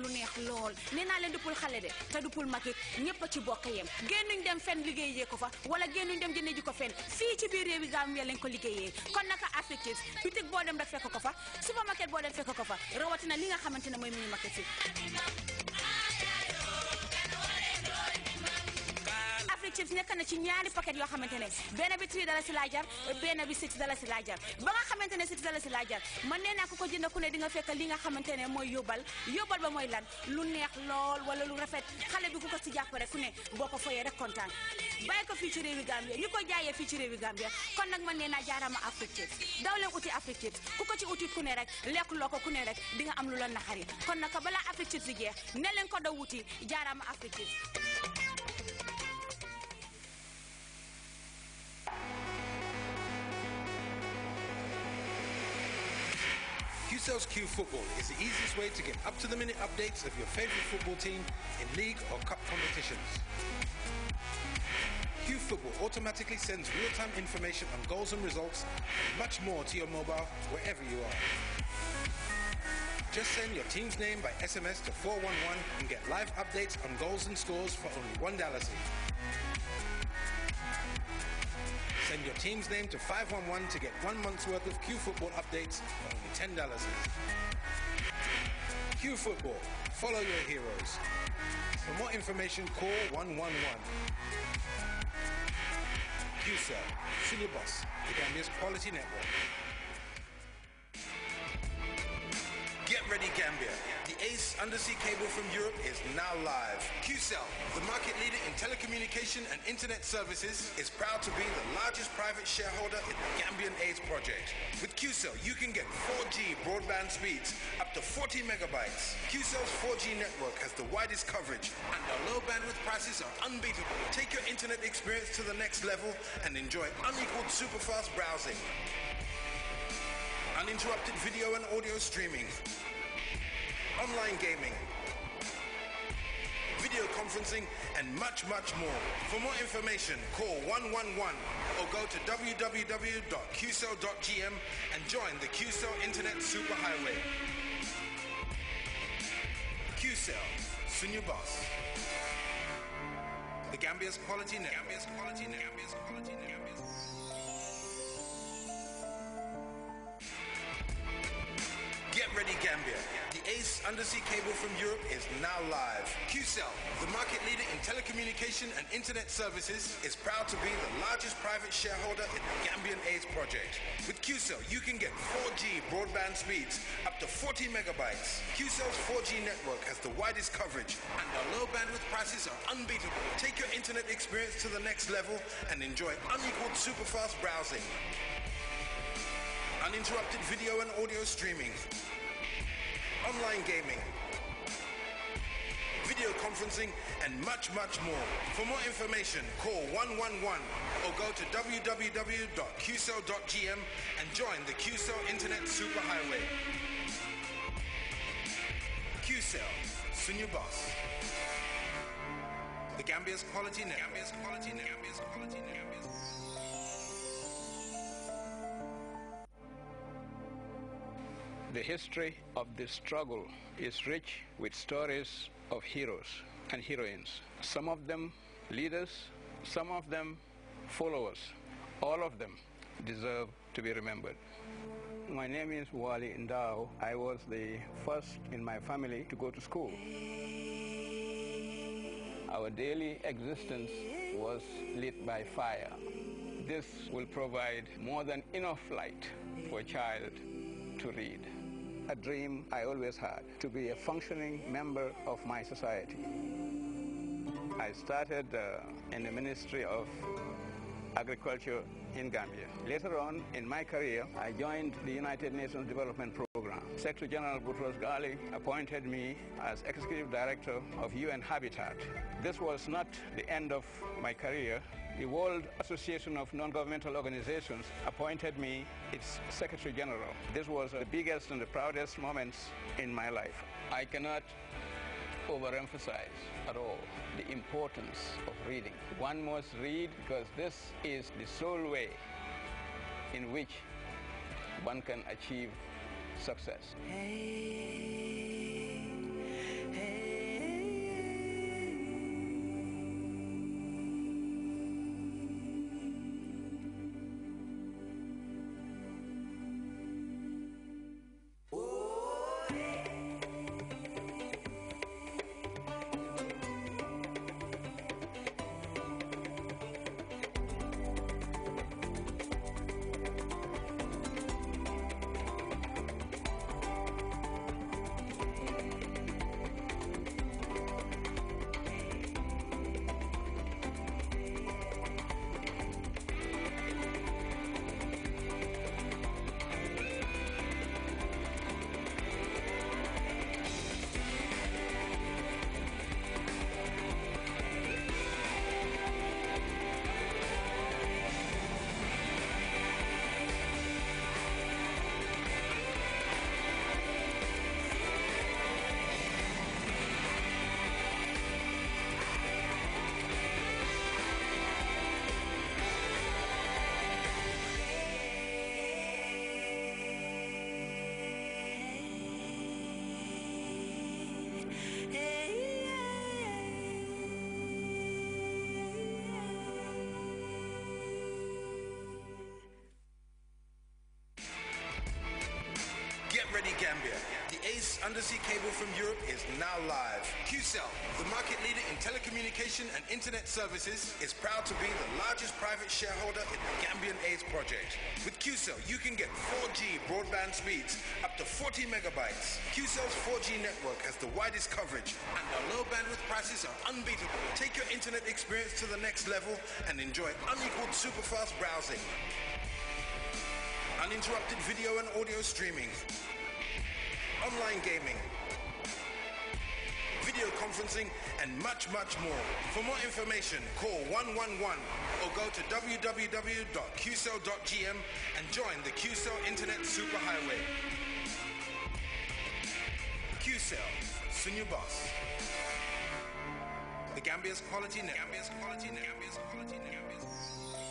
lu neex lool nee naa leen duppul xale de te duppul mag it ñëpp a ci bokk yem génnuñ dem fenn jee ko fa wala génnuñ dem jëndee ji ko fenn fii ci biir réewi Gambia leen ko liggéeyee kon naka Afrique bitik boo dem rek fekk ko fa supermarket boo dem fekk ko fa rawatina li nga xamante ne mooy mini market fi chips nekk na ci ñaari paquet yoo xamante ne benn bi tri dala si laa jar benn bi six dala si laa jar ba nga xamante ne six dala si laa jar man nee naa ku ko jënd ku ne di nga fekk nga xamante ne mooy yóbbal yóbbal ba mooy lan lu neex lool wala lu rafet xale bi ku ko si jàpp rek ku ne boo ko foyee rek kontaan bàyyi ko fii ci réewi Gambia ñu ko fii ci réewi Gambia kon nag man nee naa jaarama Afrique Kids daw leen uti Afrique Kids ku ko ci uti ku ne rek lekk loo ko ku ne rek di nga am lu la naxari kon nag balaa Afrique Kids di jeex ne leen ko daw wuti jaarama Afrique Kids QCell's Q Football is the easiest way to get up-to-the-minute updates of your favourite football team in league or cup competitions. Q Football automatically sends real-time information on goals and results and much more to your mobile wherever you are. Just send your team's name by SMS to 411 and get live updates on goals and scores for only $1. Send your team's name to 511 to get one month's worth of Q Football updates for only $10. Q Football. Follow your heroes. For more information, call 111. QCell, Silibus, the Gambia's quality network. Get ready, Gambia. ACE undersea cable from Europe is now live. QCell, the market leader in telecommunication and internet services, is proud to be the largest private shareholder in the Gambian ACE project. With QCell, you can get 4G broadband speeds up to 40 megabytes. QCell's 4G network has the widest coverage and our low bandwidth prices are unbeatable. Take your internet experience to the next level and enjoy unequaled superfast browsing uninterrupted video and audio streaming, online gaming, video conferencing, and much, much more. For more information, call 111 or go to www.qcell.gm and join the QCell Internet Superhighway. QCell, soon your boss. The Gambia's quality net. Gambia's quality net. Gambia's quality net. Get ready, Gambia. ACE undersea cable from Europe is now live. QCell, the market leader in telecommunication and internet services, is proud to be the largest private shareholder in the Gambian ACE project. With QCell, you can get 4G broadband speeds up to 40 megabytes. QCell's 4G network has the widest coverage and our low bandwidth prices are unbeatable. Take your internet experience to the next level and enjoy unequaled superfast browsing uninterrupted video and audio streaming, online gaming, video conferencing, and much, much more. For more information, call 111 or go to www.qcell.gm and join the QCell Internet Superhighway. QCell, soon your boss. The Gambia's quality net. Gambia's quality net. Gambia's quality net. Gambia's quality net. The history of this struggle is rich with stories of heroes and heroines. Some of them leaders, some of them followers. All of them deserve to be remembered. My name is Wali Ndao. I was the first in my family to go to school. Our daily existence was lit by fire. This will provide more than enough light for a child to read a dream I always had, to be a functioning member of my society. I started uh, in the Ministry of Agriculture in Gambia. Later on in my career, I joined the United Nations Development Program. Secretary General Boutros Ghali appointed me as Executive Director of UN Habitat. This was not the end of my career. The World Association of Non-Governmental Organizations appointed me its Secretary General. This was the biggest and the proudest moments in my life. I cannot overemphasize at all the importance of reading. One must read because this is the sole way in which one can achieve success. Hey. undersea cable from Europe is now live. QCell, the market leader in telecommunication and internet services, is proud to be the largest private shareholder in the Gambian AIDS project. With QCell, you can get 4G broadband speeds up to 40 megabytes. QCell's 4G network has the widest coverage, and our low bandwidth prices are unbeatable. Take your internet experience to the next level and enjoy unequaled superfast browsing uninterrupted video and audio streaming, online gaming, video conferencing, and much, much more. For more information, call 111 or go to www.qcell.gm and join the QCell Internet Superhighway. QCell, soon your boss. The Gambia's quality net. Gambia's quality net. Gambia's quality net. Gambia's quality net.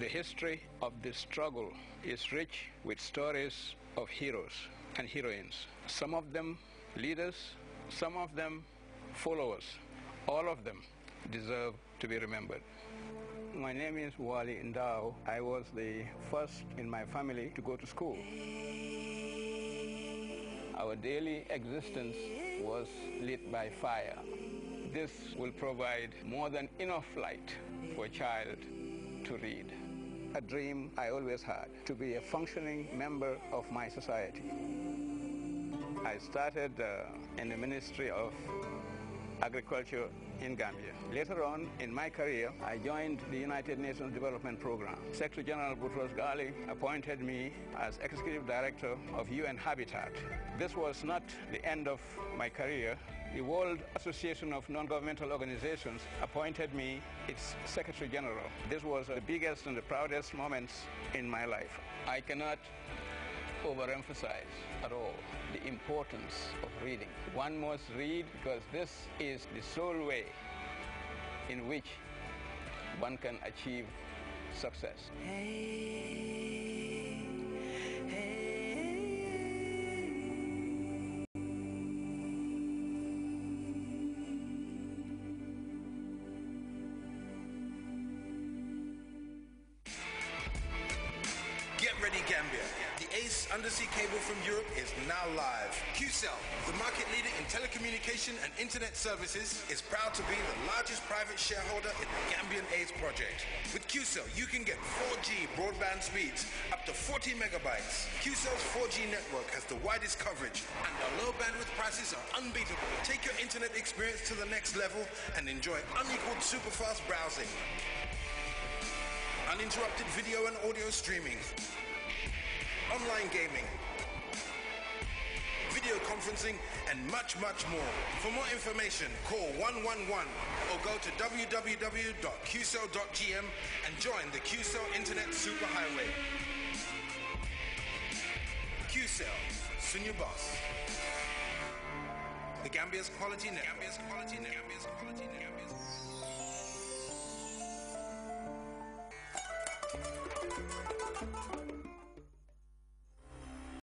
The history of this struggle is rich with stories of heroes and heroines. Some of them leaders, some of them followers. All of them deserve to be remembered. My name is Wali Ndao. I was the first in my family to go to school. Our daily existence was lit by fire. This will provide more than enough light for a child to read a dream I always had, to be a functioning member of my society. I started uh, in the Ministry of Agriculture in Gambia. Later on in my career, I joined the United Nations Development Program. Secretary General Boutros Ghali appointed me as Executive Director of UN Habitat. This was not the end of my career the World Association of Non-Governmental Organizations appointed me its Secretary General. This was the biggest and the proudest moments in my life. I cannot overemphasize at all the importance of reading. One must read because this is the sole way in which one can achieve success. Hey, hey. undersea cable from Europe is now live. QCell, the market leader in telecommunication and internet services, is proud to be the largest private shareholder in the Gambian AIDS project. With QCell, you can get 4G broadband speeds up to 40 megabytes. QCell's 4G network has the widest coverage, and our low bandwidth prices are unbeatable. Take your internet experience to the next level and enjoy unequaled superfast browsing uninterrupted video and audio streaming, online gaming, video conferencing, and much, much more. For more information, call 111 or go to www.qcell.gm and join the QCell Internet Superhighway. QCell, soon your boss. The Gambia's quality net. Gambia's quality net. Gambia's quality net. Gambia's quality net.